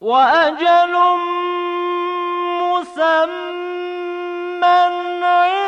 وأجل مسمى عند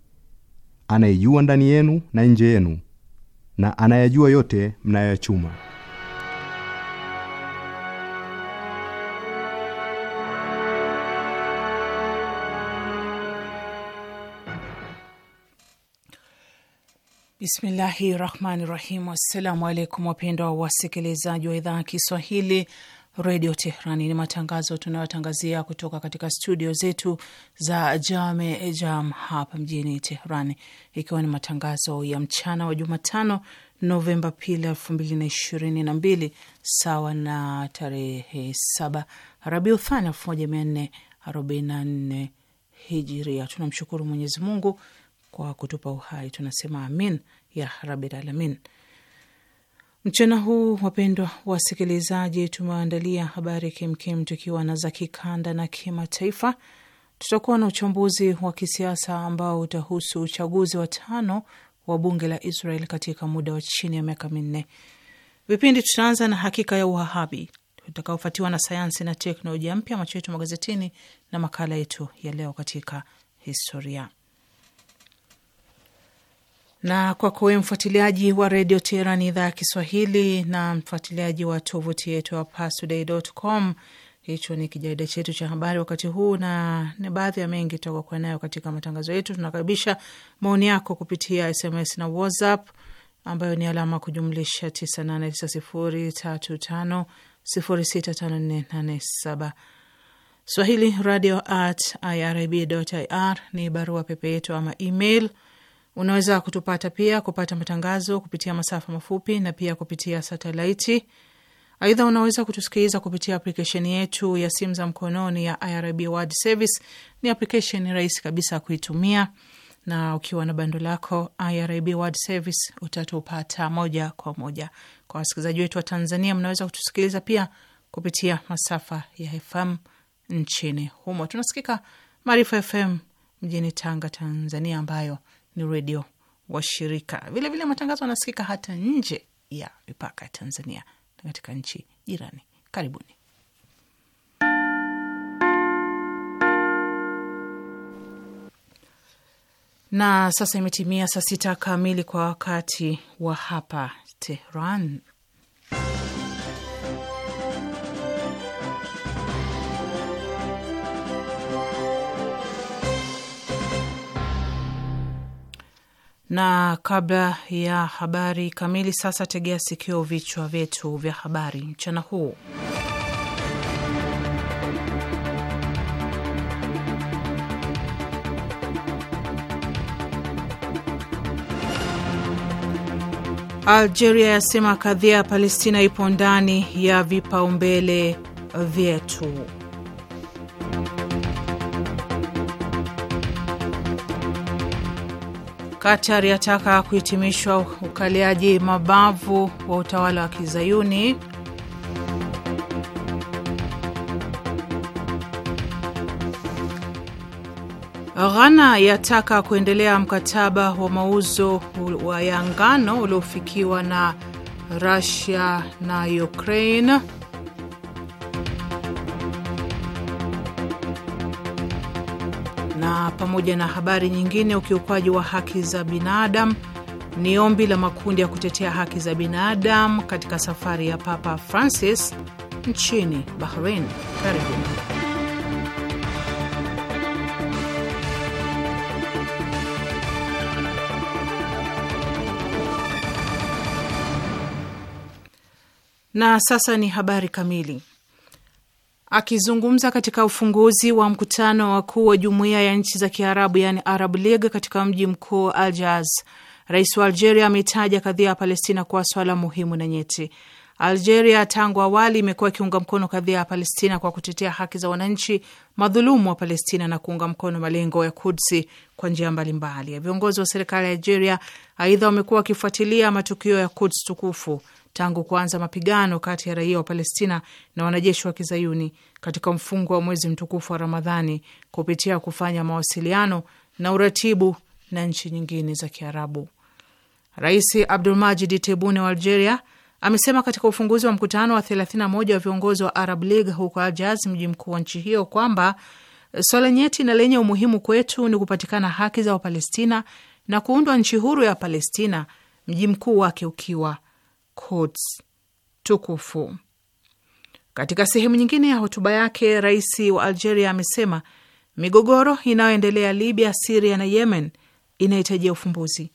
anayejua ndani yenu na nje yenu na anayajua yote mnayoyachuma. Bismillahi rahmani rahim. Assalamu alaikum wapendwa wasikilizaji wa idhaa ya Kiswahili Redio Tehrani ni matangazo tunayotangazia kutoka katika studio zetu za Jame Jam hapa mjini Tehrani, ikiwa ni matangazo ya mchana wa Jumatano Novemba pili elfu mbili na ishirini na mbili sawa na tarehe saba Thani elfu moja mia nne arobaini na nne Hijiria. Tunamshukuru Mwenyezi Mungu kwa kutupa uhai, tunasema amin ya rabil alamin. Mchana huu wapendwa wasikilizaji, tumewaandalia habari kemkem, tukiwa na za kikanda na kimataifa. Tutakuwa na uchambuzi wa kisiasa ambao utahusu uchaguzi wa tano wa bunge la Israel katika muda wa chini ya miaka minne. Vipindi tutaanza na hakika ya uhahabi, utakaofatiwa na sayansi na teknolojia mpya, macho yetu magazetini, na makala yetu ya leo katika historia na kwako wewe mfuatiliaji wa redio Teherani idhaa ya Kiswahili na mfuatiliaji wa tovuti yetu ya pastoday.com. Hicho ni kijarida chetu cha habari wakati huu, na ni baadhi ya mengi tutakuwa nayo katika matangazo yetu. Tunakaribisha maoni yako kupitia SMS na WhatsApp ambayo ni alama kujumlisha 989035065487 swahili radio at irib.ir ni barua pepe yetu ama email Unaweza kutupata pia kupata matangazo kupitia masafa mafupi na pia kupitia satelaiti. Aidha, unaweza kutusikiliza kupitia aplikesheni yetu ya simu za mkononi ya IRIB World Service. Ni aplikesheni rahisi kabisa kuitumia, na ukiwa na bando lako IRIB World Service utatupata moja kwa moja. Kwa wasikilizaji wetu wa Tanzania, mnaweza kutusikiliza pia kupitia masafa ya FM nchini humo. Tunasikika Maarifa FM mjini Tanga, Tanzania, ambayo ni redio washirika. Vilevile matangazo yanasikika hata nje ya mipaka ya Tanzania na katika nchi jirani. Karibuni. Na sasa imetimia saa sita kamili kwa wakati wa hapa Tehran na kabla ya habari kamili, sasa tegea sikio vichwa vyetu vya habari mchana huu. Algeria yasema kadhia ya Palestina ipo ndani ya vipaumbele vyetu. Qatar yataka kuhitimishwa ukaliaji mabavu wa utawala wa Kizayuni. Ghana yataka kuendelea mkataba wa mauzo wa ya ngano uliofikiwa na Russia na Ukraine. pamoja na habari nyingine. Ukiukwaji wa haki za binadamu ni ombi la makundi ya kutetea haki za binadamu katika safari ya Papa Francis nchini Bahrain. Karibuni. Na sasa ni habari kamili. Akizungumza katika ufunguzi wa mkutano wakuu wa jumuiya ya nchi za Kiarabu yaani Arab League katika mji mkuu Aljaz, rais wa Algeria ameitaja kadhia ya Palestina kuwa swala muhimu na nyeti. Algeria tangu awali imekuwa ikiunga mkono kadhia ya Palestina kwa kutetea haki za wananchi madhulumu wa Palestina na kuunga mkono malengo ya Kudsi kwa njia mbalimbali. Viongozi wa serikali ya Algeria aidha wamekuwa wakifuatilia matukio ya Kuds tukufu tangu kuanza mapigano kati ya raia wa Palestina na wanajeshi wa kizayuni katika mfungo wa mwezi mtukufu wa Ramadhani kupitia kufanya mawasiliano na uratibu na nchi nyingine za Kiarabu. Rais Abdulmajid Tebune wa Algeria amesema katika ufunguzi wa mkutano wa 31 wa viongozi wa Arab League huko Algiers, mji mkuu wa nchi hiyo, kwamba swala nyeti na lenye umuhimu kwetu ni kupatikana haki za Wapalestina na kuundwa nchi huru ya Palestina, mji mkuu wake ukiwa Quds tukufu. Katika sehemu nyingine ya hotuba yake, rais wa Algeria amesema migogoro inayoendelea Libya, Siria na Yemen inahitajia ufumbuzi.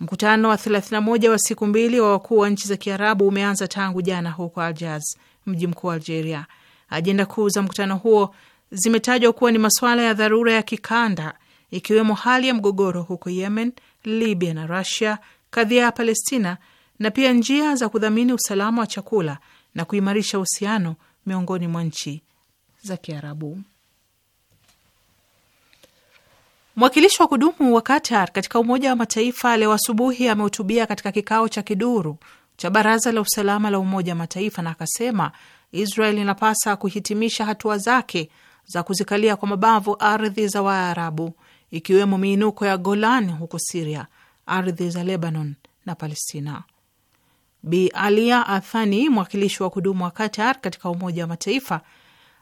Mkutano wa 31 wa siku mbili wa wakuu wa nchi za Kiarabu umeanza tangu jana huko Aljaz, mji mkuu wa Algeria. Ajenda kuu za mkutano huo zimetajwa kuwa ni masuala ya dharura ya kikanda, ikiwemo hali ya mgogoro huko Yemen, Libya na Rusia, kadhia ya Palestina na pia njia za kudhamini usalama wa chakula na kuimarisha uhusiano miongoni mwa nchi za Kiarabu. Mwakilishi wa kudumu wa Qatar katika Umoja wa Mataifa leo asubuhi amehutubia katika kikao cha kiduru cha Baraza la Usalama la Umoja wa Mataifa na akasema Israel inapasa kuhitimisha hatua zake za kuzikalia kwa mabavu ardhi za Waarabu, ikiwemo miinuko ya Golan huko Siria, ardhi za Lebanon na Palestina. Bi Alia Athani, mwakilishi wa kudumu wa Qatar katika Umoja wa Mataifa,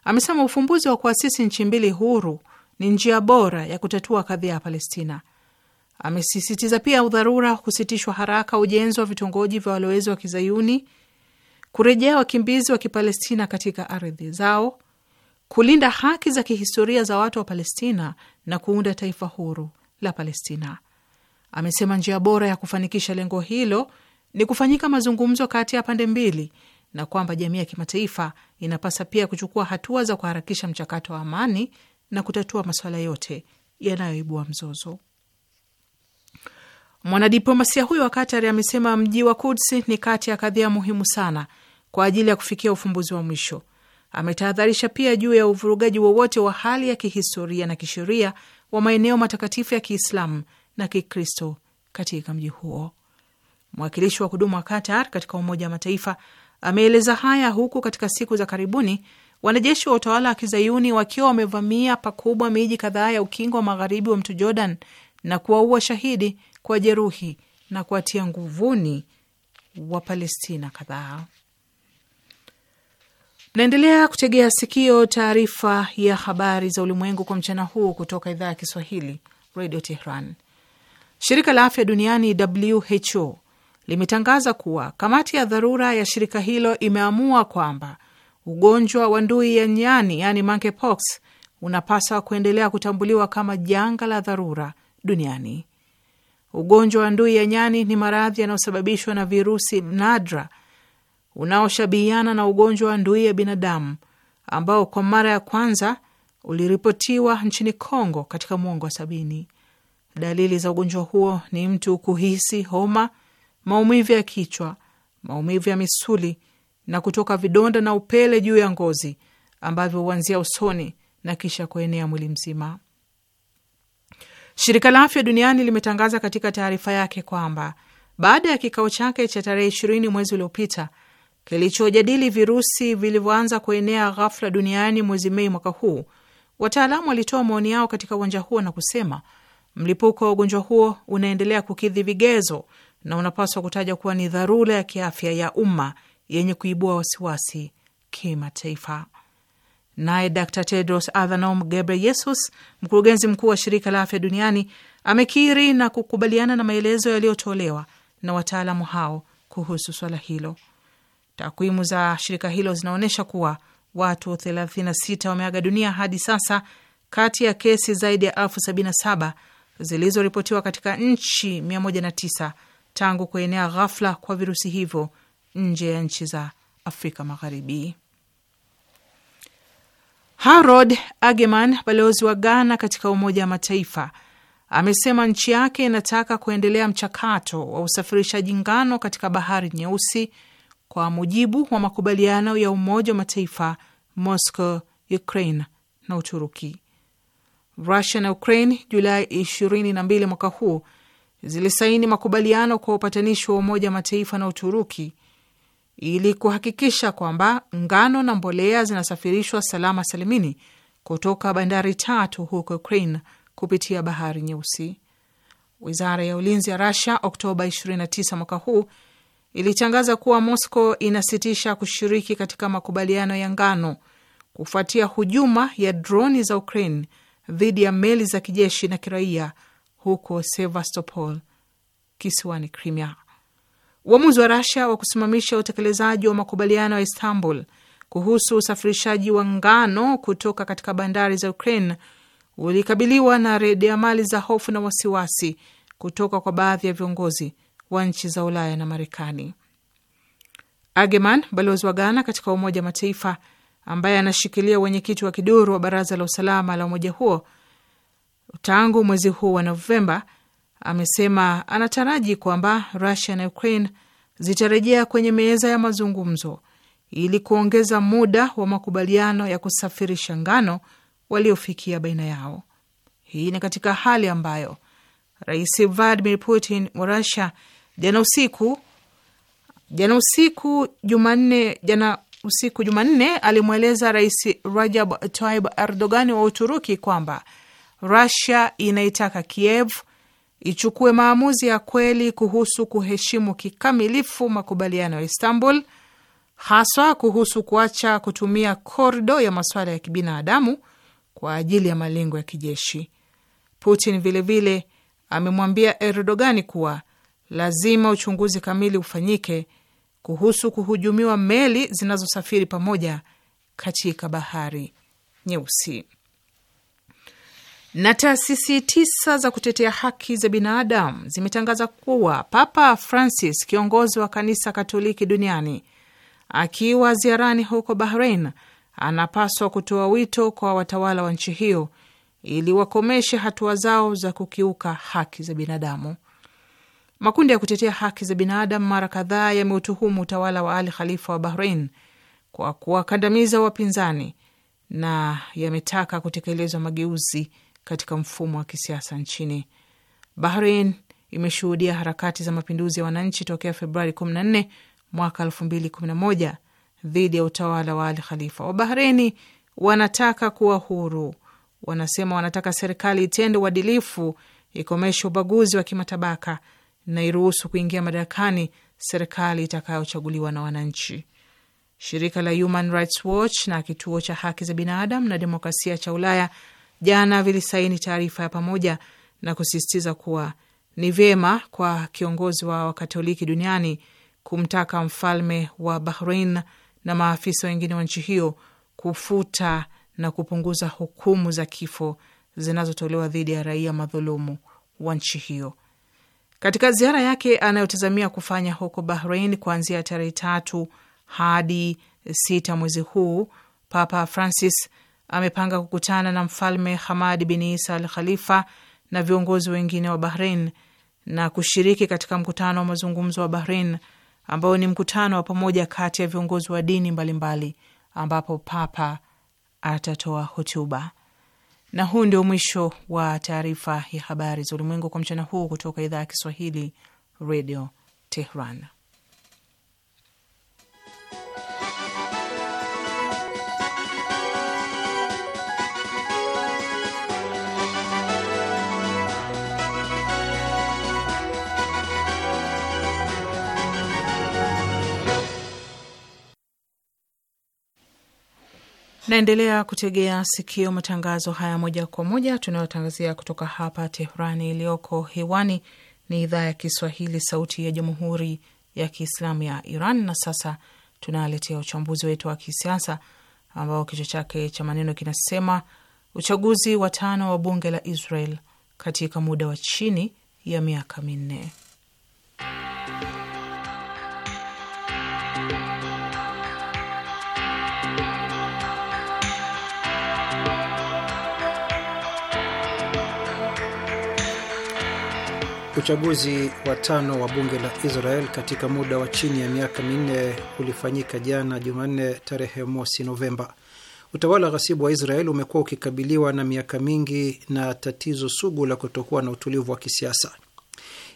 amesema ufumbuzi wa kuasisi nchi mbili huru ni njia bora ya kutatua kadhia ya Palestina. Amesisitiza pia udharura kusitishwa haraka ujenzi wa vitongoji vya walowezi wa Kizayuni, kurejea wakimbizi wa Kipalestina katika ardhi zao, kulinda haki za kihistoria za watu wa Palestina na kuunda taifa huru la Palestina. Amesema njia bora ya kufanikisha lengo hilo ni kufanyika mazungumzo kati ya pande mbili na kwamba jamii ya kimataifa inapasa pia kuchukua hatua za kuharakisha mchakato wa amani na kutatua masuala yote yanayoibua mzozo. Mwanadiplomasia huyo wa Katari amesema mji wa Kudsi ni kati ya kadhia muhimu sana kwa ajili ya kufikia ufumbuzi wa mwisho. Ametahadharisha pia juu ya uvurugaji wowote wa, wa hali ya kihistoria na kisheria wa maeneo matakatifu ya Kiislamu na Kikristo katika mji huo. Mwakilishi wa kudumu wa Qatar katika Umoja wa Mataifa ameeleza haya huku katika siku za karibuni wanajeshi wa utawala wa kizayuni wakiwa wamevamia pakubwa miji kadhaa ya ukingo wa magharibi wa mto Jordan na kuwaua shahidi, jeruhi na kuwatia nguvuni Wapalestina kadhaa. Naendelea kutegea sikio taarifa ya habari za ulimwengu kwa mchana huu kutoka idhaa ya Kiswahili, Radio Tehran. Shirika la afya duniani WHO limetangaza kuwa kamati ya dharura ya shirika hilo imeamua kwamba ugonjwa wa ndui ya nyani, yani monkeypox, unapaswa kuendelea kutambuliwa kama janga la dharura duniani. Ugonjwa wa ndui ya nyani ni maradhi yanayosababishwa na virusi nadra unaoshabihiana na ugonjwa wa ndui ya binadamu ambao kwa mara ya kwanza uliripotiwa nchini Kongo katika mwongo wa sabini. Dalili za ugonjwa huo ni mtu kuhisi homa, maumivu ya kichwa, maumivu ya misuli na kutoka vidonda na upele juu ya ngozi ambavyo huanzia usoni na kisha kuenea mwili mzima. Shirika la Afya Duniani limetangaza katika taarifa yake kwamba baada ya kikao chake cha tarehe ishirini mwezi uliopita kilichojadili virusi vilivyoanza kuenea ghafla duniani mwezi Mei mwaka huu, wataalamu walitoa maoni yao katika uwanja huo na kusema mlipuko wa ugonjwa huo unaendelea kukidhi vigezo na unapaswa kutaja kuwa ni dharura ya kiafya ya umma yenye kuibua wasiwasi kimataifa. Naye Dr Tedros Adhanom Ghebreyesus, mkurugenzi mkuu wa shirika la afya duniani, amekiri na kukubaliana na maelezo yaliyotolewa na wataalamu hao kuhusu swala hilo. Takwimu za shirika hilo zinaonyesha kuwa watu 36 wameaga dunia hadi sasa kati ya kesi zaidi ya elfu 77 zilizoripotiwa katika nchi 109 tangu kuenea ghafla kwa virusi hivyo nje ya nchi za Afrika Magharibi. Harold Ageman, balozi wa Ghana katika Umoja wa Mataifa, amesema nchi yake inataka kuendelea mchakato wa usafirishaji ngano katika Bahari Nyeusi kwa mujibu wa makubaliano ya Umoja wa Mataifa, Moscow, Ukraine na Uturuki. Russia na Ukraine Julai 22 mwaka huu zilisaini makubaliano kwa upatanishi wa Umoja wa Mataifa na Uturuki ili kuhakikisha kwamba ngano na mbolea zinasafirishwa salama salimini kutoka bandari tatu huko Ukraine kupitia bahari Nyeusi. Wizara ya ulinzi ya rusia Oktoba 29 mwaka huu ilitangaza kuwa Moscow inasitisha kushiriki katika makubaliano ya ngano kufuatia hujuma ya droni za Ukraine dhidi ya meli za kijeshi na kiraia huko Sevastopol kisiwani Crimea. Uamuzi wa rasia wa kusimamisha utekelezaji wa makubaliano ya Istanbul kuhusu usafirishaji wa ngano kutoka katika bandari za Ukraine ulikabiliwa na mali za hofu na wasiwasi kutoka kwa baadhi ya viongozi wa nchi za Ulaya na Marekani. Ageman, balozi wa Ghana katika Umoja wa Mataifa ambaye anashikilia wenyekiti wa kiduru wa Baraza la Usalama la umoja huo tangu mwezi huu wa Novemba, amesema anataraji kwamba Rusia na Ukraine zitarejea kwenye meza ya mazungumzo ili kuongeza muda wa makubaliano ya kusafirisha ngano waliofikia baina yao. Hii ni katika hali ambayo Rais Vladimir Putin wa Rusia jana usiku jana usiku Jumanne jana usiku Jumanne alimweleza Rais Rajab Tayyip Erdogan wa Uturuki kwamba Rusia inaitaka Kiev ichukue maamuzi ya kweli kuhusu kuheshimu kikamilifu makubaliano ya Istanbul, haswa kuhusu kuacha kutumia korido ya masuala ya kibinadamu kwa ajili ya malengo ya kijeshi. Putin vilevile amemwambia Erdogani kuwa lazima uchunguzi kamili ufanyike kuhusu kuhujumiwa meli zinazosafiri pamoja katika bahari Nyeusi. Na taasisi tisa za kutetea haki za binadamu zimetangaza kuwa Papa Francis, kiongozi wa kanisa Katoliki duniani, akiwa ziarani huko Bahrain, anapaswa kutoa wito kwa watawala wa nchi hiyo ili wakomeshe hatua zao za kukiuka haki za binadamu. Makundi ya kutetea haki za binadamu mara kadhaa yameutuhumu utawala wa Ali Khalifa wa Bahrain kwa kuwakandamiza wapinzani na yametaka kutekelezwa mageuzi katika mfumo wa kisiasa nchini. Bahrain imeshuhudia harakati za mapinduzi ya wananchi tokea Februari 14 mwaka 2011 dhidi ya utawala wa Al Khalifa. Wabahreni wanataka kuwa huru, wanasema wanataka serikali itende uadilifu, ikomeshe ubaguzi wa kimatabaka na iruhusu kuingia madarakani serikali itakayochaguliwa na wananchi. Shirika la Human Rights Watch na kituo cha haki za binadamu na demokrasia cha Ulaya jana vilisaini taarifa ya pamoja na kusisitiza kuwa ni vyema kwa kiongozi wa Wakatoliki duniani kumtaka mfalme wa Bahrain na maafisa wengine wa nchi hiyo kufuta na kupunguza hukumu za kifo zinazotolewa dhidi ya raia madhulumu wa nchi hiyo. Katika ziara yake anayotazamia kufanya huko Bahrain kuanzia tarehe tatu hadi sita mwezi huu, Papa Francis amepanga kukutana na mfalme Hamad bin Isa al Khalifa na viongozi wengine wa Bahrain na kushiriki katika mkutano wa mazungumzo wa Bahrain ambao ni mkutano wa pamoja kati ya viongozi wa dini mbalimbali mbali, ambapo papa atatoa hotuba. Na huu ndio mwisho wa taarifa ya habari za ulimwengu kwa mchana huu kutoka idhaa ya Kiswahili, Radio Tehran. Naendelea kutegea sikio matangazo haya moja kwa moja tunayotangazia kutoka hapa Tehrani. Iliyoko hewani ni idhaa ya Kiswahili, sauti ya jamhuri ya kiislamu ya Iran. Na sasa tunaletea uchambuzi wetu wa kisiasa ambao kichwa chake cha maneno kinasema uchaguzi wa tano wa bunge la Israel katika muda wa chini ya miaka minne. Uchaguzi wa tano wa bunge la Israel katika muda wa chini ya miaka minne ulifanyika jana Jumanne, tarehe mosi Novemba. Utawala ghasibu wa Israel umekuwa ukikabiliwa na miaka mingi na tatizo sugu la kutokuwa na utulivu wa kisiasa.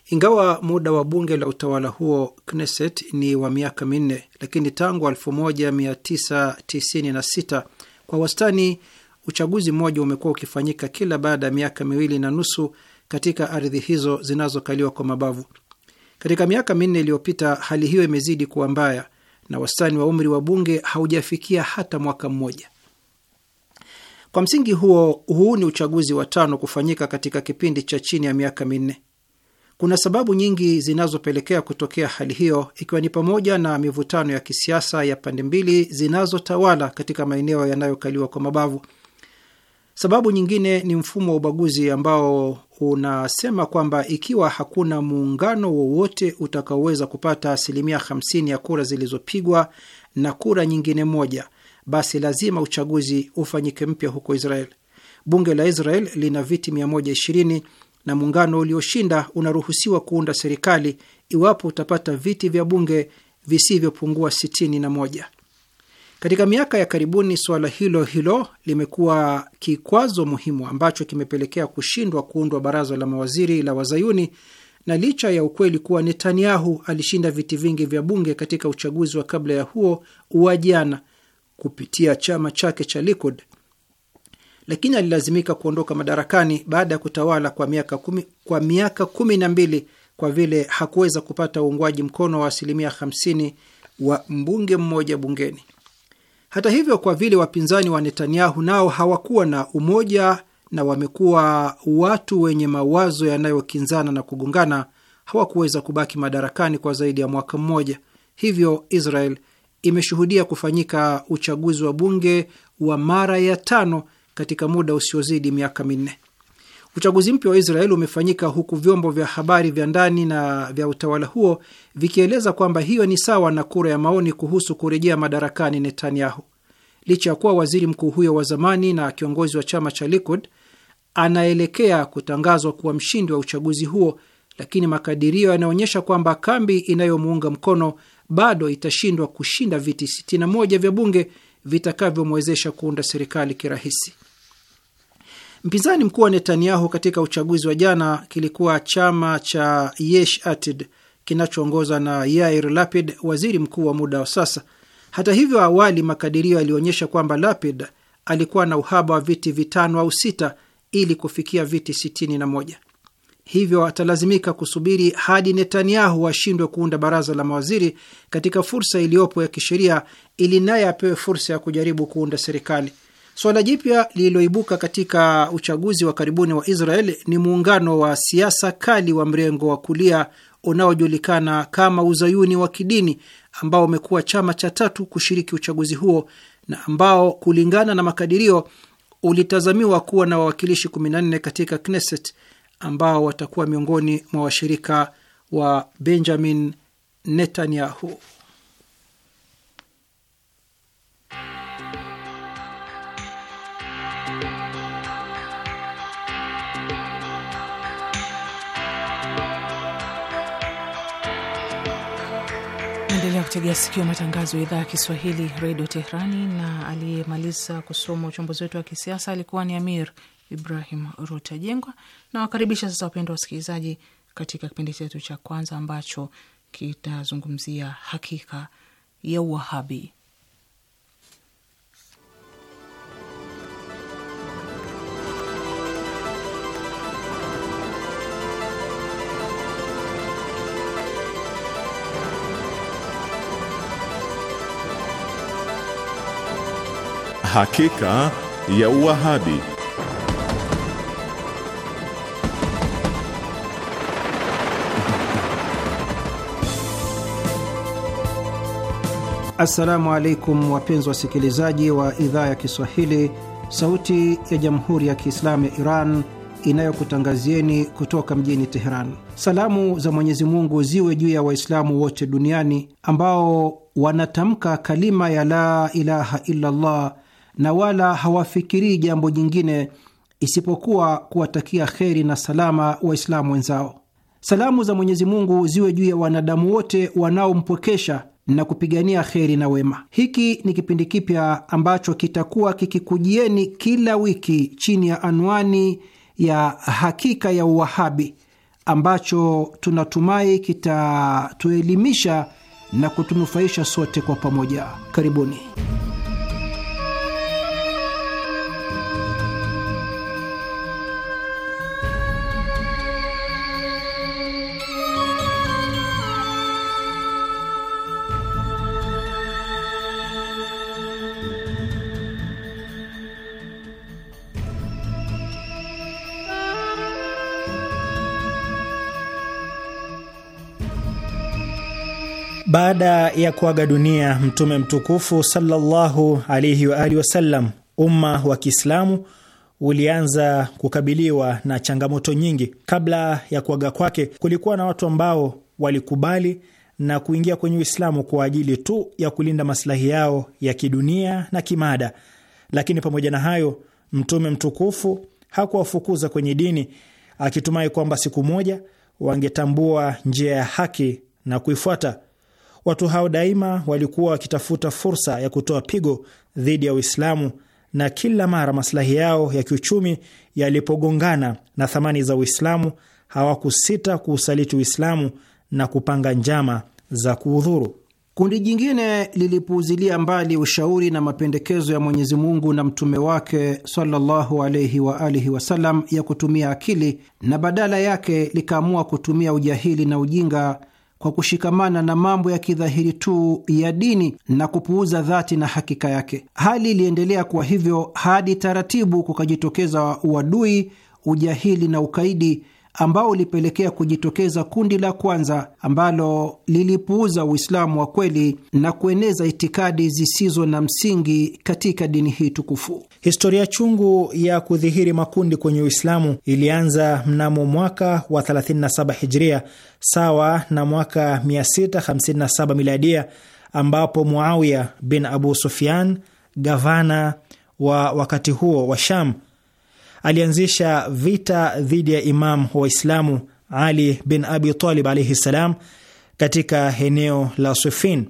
Ingawa muda wa bunge la utawala huo Knesset ni wa miaka minne, lakini tangu 1996 kwa wastani uchaguzi mmoja umekuwa ukifanyika kila baada ya miaka miwili na nusu katika ardhi hizo zinazokaliwa kwa mabavu. Katika miaka minne iliyopita, hali hiyo imezidi kuwa mbaya na wastani wa umri wa bunge haujafikia hata mwaka mmoja. Kwa msingi huo, huu ni uchaguzi wa tano kufanyika katika kipindi cha chini ya miaka minne. Kuna sababu nyingi zinazopelekea kutokea hali hiyo, ikiwa ni pamoja na mivutano ya kisiasa ya pande mbili zinazotawala katika maeneo yanayokaliwa kwa mabavu, Sababu nyingine ni mfumo wa ubaguzi ambao unasema kwamba ikiwa hakuna muungano wowote utakaoweza kupata asilimia 50 ya kura zilizopigwa na kura nyingine moja, basi lazima uchaguzi ufanyike mpya huko Israel. Bunge la Israel lina viti 120 na muungano ulioshinda unaruhusiwa kuunda serikali iwapo utapata viti vya bunge visivyopungua 61. Katika miaka ya karibuni suala hilo hilo limekuwa kikwazo muhimu ambacho kimepelekea kushindwa kuundwa baraza la mawaziri la Wazayuni, na licha ya ukweli kuwa Netanyahu alishinda viti vingi vya bunge katika uchaguzi wa kabla ya huo wa jana kupitia chama chake cha Likud, lakini alilazimika kuondoka madarakani baada ya kutawala kwa miaka kumi, kwa miaka kumi na mbili kwa vile hakuweza kupata uungwaji mkono wa asilimia 50 wa mbunge mmoja bungeni. Hata hivyo, kwa vile wapinzani wa Netanyahu nao hawakuwa na umoja na wamekuwa watu wenye mawazo yanayokinzana na kugongana, hawakuweza kubaki madarakani kwa zaidi ya mwaka mmoja. Hivyo Israel imeshuhudia kufanyika uchaguzi wa bunge wa mara ya tano katika muda usiozidi miaka minne. Uchaguzi mpya wa Israeli umefanyika huku vyombo vya habari vya ndani na vya utawala huo vikieleza kwamba hiyo ni sawa na kura ya maoni kuhusu kurejea madarakani Netanyahu, licha ya kuwa waziri mkuu huyo wa zamani na kiongozi wa chama cha Likud anaelekea kutangazwa kuwa mshindi wa uchaguzi huo, lakini makadirio yanaonyesha kwamba kambi inayomuunga mkono bado itashindwa kushinda viti 61 vya bunge vitakavyomwezesha kuunda serikali kirahisi. Mpinzani mkuu wa Netanyahu katika uchaguzi wa jana kilikuwa chama cha Yesh Atid kinachoongozwa na Yair Lapid, waziri mkuu wa muda wa sasa. Hata hivyo, awali makadirio yalionyesha kwamba Lapid alikuwa na uhaba wa viti vitano au sita ili kufikia viti sitini na moja. Hivyo atalazimika kusubiri hadi Netanyahu ashindwe kuunda baraza la mawaziri katika fursa iliyopo ya kisheria ili naye apewe fursa ya kujaribu kuunda serikali. Suala jipya lililoibuka katika uchaguzi wa karibuni wa Israel ni muungano wa siasa kali wa mrengo wa kulia unaojulikana kama uzayuni wa kidini ambao umekuwa chama cha tatu kushiriki uchaguzi huo na ambao kulingana na makadirio ulitazamiwa kuwa na wawakilishi 14 katika Knesset ambao watakuwa miongoni mwa washirika wa Benjamin Netanyahu. Naendelea kutegea sikio matangazo ya idhaa ya Kiswahili redio Tehrani. Na aliyemaliza kusoma uchambuzi wetu wa kisiasa alikuwa ni Amir Ibrahim Rutajengwa. Nawakaribisha sasa, wapendwa wasikilizaji, katika kipindi chetu cha kwanza ambacho kitazungumzia hakika ya Uwahabi. Hakika ya Uwahabi. Assalamu alaikum wapenzi wasikilizaji wa idhaa ya Kiswahili, Sauti ya Jamhuri ya Kiislamu ya Iran inayokutangazieni kutoka mjini Teheran. Salamu za Mwenyezi Mungu ziwe juu ya Waislamu wote duniani ambao wanatamka kalima ya la ilaha illallah na wala hawafikirii jambo jingine isipokuwa kuwatakia kheri na salama Waislamu wenzao. Salamu za Mwenyezi Mungu ziwe juu ya wanadamu wote wanaompokesha na kupigania kheri na wema. Hiki ni kipindi kipya ambacho kitakuwa kikikujieni kila wiki chini ya anwani ya Hakika ya Uwahabi, ambacho tunatumai kitatuelimisha na kutunufaisha sote kwa pamoja. Karibuni. Baada ya kuaga dunia Mtume mtukufu sallallahu alaihi wa alihi wasallam, umma wa Kiislamu ulianza kukabiliwa na changamoto nyingi. Kabla ya kuaga kwake, kulikuwa na watu ambao walikubali na kuingia kwenye Uislamu kwa ajili tu ya kulinda masilahi yao ya kidunia na kimada, lakini pamoja na hayo, Mtume mtukufu hakuwafukuza kwenye dini, akitumai kwamba siku moja wangetambua njia ya haki na kuifuata. Watu hao daima walikuwa wakitafuta fursa ya kutoa pigo dhidi ya Uislamu na kila mara maslahi yao ya kiuchumi yalipogongana na thamani za Uislamu hawakusita kuusaliti Uislamu na kupanga njama za kuudhuru. Kundi jingine lilipuuzilia mbali ushauri na mapendekezo ya Mwenyezi Mungu na mtume wake sallallahu alayhi wa alihi wasallam ya kutumia akili na badala yake likaamua kutumia ujahili na ujinga kwa kushikamana na mambo ya kidhahiri tu ya dini na kupuuza dhati na hakika yake. Hali iliendelea kuwa hivyo hadi taratibu kukajitokeza uadui, ujahili na ukaidi ambao ulipelekea kujitokeza kundi la kwanza ambalo lilipuuza Uislamu wa kweli na kueneza itikadi zisizo na msingi katika dini hii tukufu. Historia chungu ya kudhihiri makundi kwenye Uislamu ilianza mnamo mwaka wa 37 Hijria, sawa na mwaka 657 Miladia, ambapo Muawiya bin Abu Sufyan, gavana wa wakati huo wa Sham alianzisha vita dhidi ya Imam Waislamu Ali bin Abi Talib alaihi ssalam katika eneo la Sufin.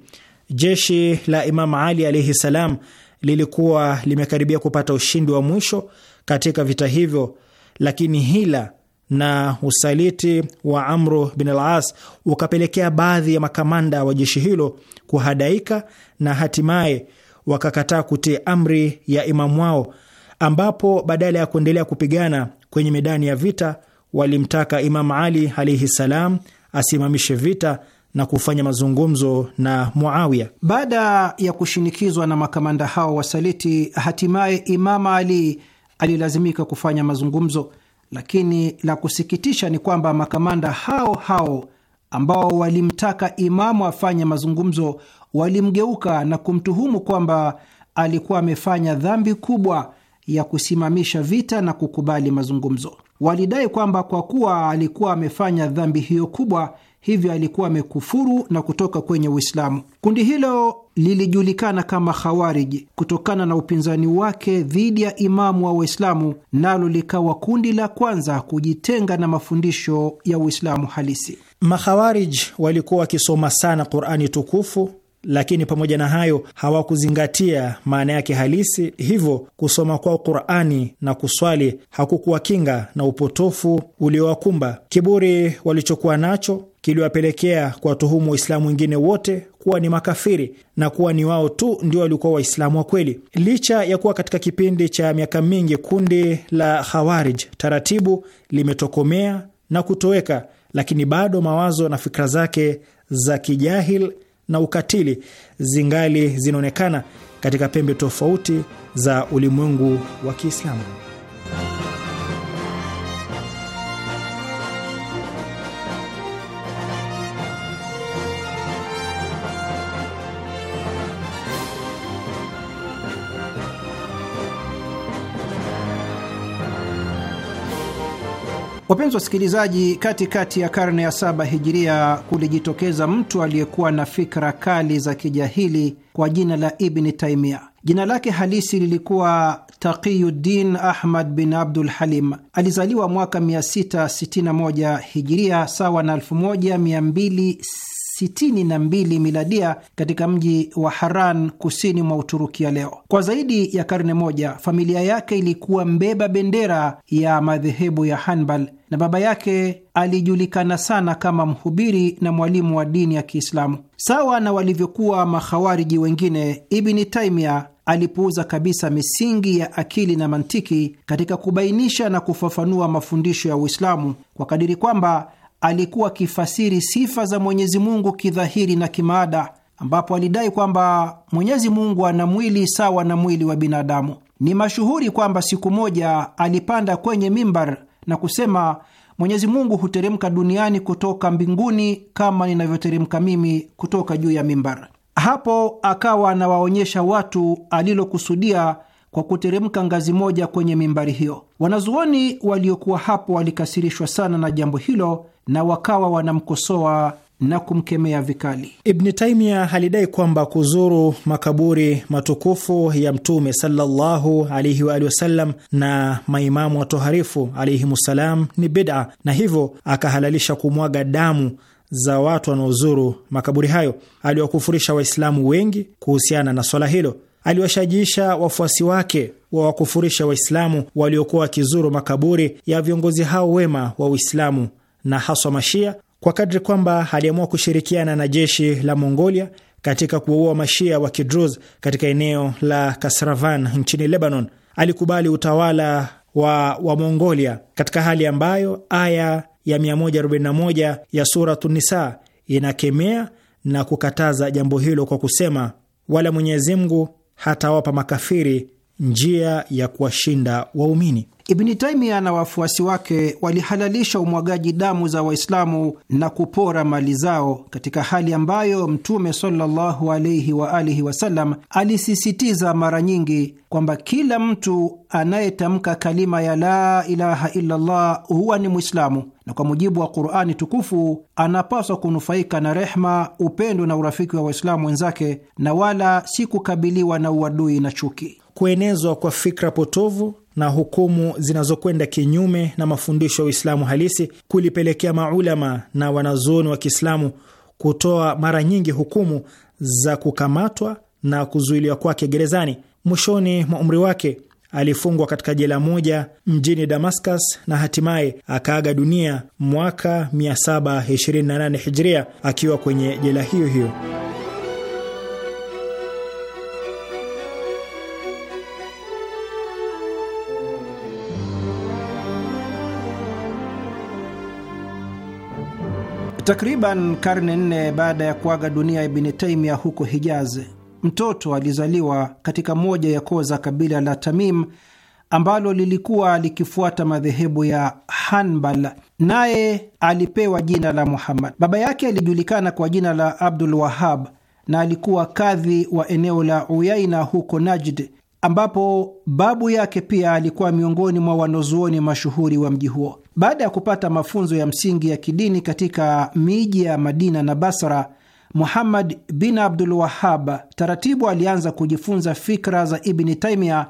Jeshi la Imam Ali alaihi ssalam lilikuwa limekaribia kupata ushindi wa mwisho katika vita hivyo, lakini hila na usaliti wa Amru bin al-As ukapelekea baadhi ya makamanda wa jeshi hilo kuhadaika na hatimaye wakakataa kutii amri ya imamu wao ambapo badala ya kuendelea kupigana kwenye medani ya vita walimtaka Imam Ali alaihi salam asimamishe vita na kufanya mazungumzo na Muawiya. Baada ya kushinikizwa na makamanda hao wasaliti, hatimaye Imam Ali alilazimika kufanya mazungumzo, lakini la kusikitisha ni kwamba makamanda hao hao ambao walimtaka Imamu afanye mazungumzo walimgeuka na kumtuhumu kwamba alikuwa amefanya dhambi kubwa ya kusimamisha vita na kukubali mazungumzo. Walidai kwamba kwa kuwa alikuwa amefanya dhambi hiyo kubwa, hivyo alikuwa amekufuru na kutoka kwenye Uislamu. Kundi hilo lilijulikana kama Khawariji kutokana na upinzani wake dhidi ya imamu wa Waislamu, nalo likawa kundi la kwanza kujitenga na mafundisho ya Uislamu halisi. Makhawarij walikuwa wakisoma sana Qurani tukufu lakini pamoja na hayo hawakuzingatia maana yake halisi, hivyo kusoma kwao Qur'ani na kuswali hakukuwa kinga na upotofu uliowakumba. Kiburi walichokuwa nacho kiliwapelekea kuwatuhumu Waislamu wengine wote kuwa ni makafiri na kuwa ni wao tu ndio walikuwa Waislamu wa kweli, licha ya kuwa katika kipindi cha miaka mingi kundi la Khawarij taratibu limetokomea na kutoweka, lakini bado mawazo na fikra zake za kijahil na ukatili zingali zinaonekana katika pembe tofauti za ulimwengu wa Kiislamu. Wapenzi wasikilizaji, katikati ya karne ya saba hijiria kulijitokeza mtu aliyekuwa na fikra kali za kijahili kwa jina la Ibni Taimia. Jina lake halisi lilikuwa Taqiyuddin Ahmad bin Abdul Halim. Alizaliwa mwaka 661 hijiria sawa na 12 62 miladia katika mji wa Haran kusini mwa Uturuki ya leo. Kwa zaidi ya karne moja, familia yake ilikuwa mbeba bendera ya madhehebu ya Hanbal na baba yake alijulikana sana kama mhubiri na mwalimu wa dini ya Kiislamu. Sawa na walivyokuwa makhawariji wengine, Ibni Taimia alipuuza kabisa misingi ya akili na mantiki katika kubainisha na kufafanua mafundisho ya Uislamu kwa kadiri kwamba alikuwa akifasiri sifa za Mwenyezi Mungu kidhahiri na kimaada, ambapo alidai kwamba Mwenyezi Mungu ana mwili sawa na mwili wa binadamu. Ni mashuhuri kwamba siku moja alipanda kwenye mimbar na kusema, Mwenyezi Mungu huteremka duniani kutoka mbinguni kama ninavyoteremka mimi kutoka juu ya mimbar. Hapo akawa anawaonyesha watu alilokusudia kwa kuteremka ngazi moja kwenye mimbari hiyo. Wanazuoni waliokuwa hapo walikasirishwa sana na jambo hilo na wakawa wanamkosoa na kumkemea vikali. Ibni Taimia alidai kwamba kuzuru makaburi matukufu ya Mtume sallallahu alaihi wa alihi wasallam na maimamu watoharifu alaihimussalam ni bid'a, na hivyo akahalalisha kumwaga damu za watu wanaozuru makaburi hayo. Aliwakufurisha Waislamu wengi kuhusiana na swala hilo aliwashajiisha wafuasi wake wa wakufurisha Waislamu waliokuwa wakizuru makaburi ya viongozi hao wema wa Uislamu na haswa Mashia kwa kadri kwamba aliamua kushirikiana na jeshi la Mongolia katika kuwaua Mashia wa Kidruz katika eneo la Kasravan nchini Lebanon. Alikubali utawala wa Wamongolia katika hali ambayo aya ya 141 ya Suratu Nisa inakemea na kukataza jambo hilo kwa kusema, wala Mwenyezi Mungu hatawapa makafiri njia ya kuwashinda waumini. Ibni Taimia na wafuasi wake walihalalisha umwagaji damu za Waislamu na kupora mali zao katika hali ambayo Mtume sallallahu alaihi wa alihi wasallam alisisitiza mara nyingi kwamba kila mtu anayetamka kalima ya la ilaha illallah huwa ni Mwislamu, na kwa mujibu wa Qurani tukufu anapaswa kunufaika na rehma, upendo na urafiki wa Waislamu wenzake na wala si kukabiliwa na uadui na chuki kuenezwa kwa fikra potovu na hukumu zinazokwenda kinyume na mafundisho ya Uislamu halisi kulipelekea maulama na wanazuoni wa Kiislamu kutoa mara nyingi hukumu za kukamatwa na kuzuiliwa kwake gerezani. Mwishoni mwa umri wake alifungwa katika jela moja mjini Damascus na hatimaye akaaga dunia mwaka 728 Hijria akiwa kwenye jela hiyo hiyo. Takriban karne nne baada ya kuaga dunia Ibni Taimia huko Hijaz, mtoto alizaliwa katika moja ya koo za kabila la Tamim ambalo lilikuwa likifuata madhehebu ya Hanbal, naye alipewa jina la Muhammad. Baba yake alijulikana kwa jina la Abdul Wahab na alikuwa kadhi wa eneo la Uyaina huko Najd, ambapo babu yake pia alikuwa miongoni mwa wanazuoni mashuhuri wa mji huo. Baada ya kupata mafunzo ya msingi ya kidini katika miji ya Madina na Basra, Muhammad bin Abdul Wahab taratibu alianza kujifunza fikra za Ibni Taimia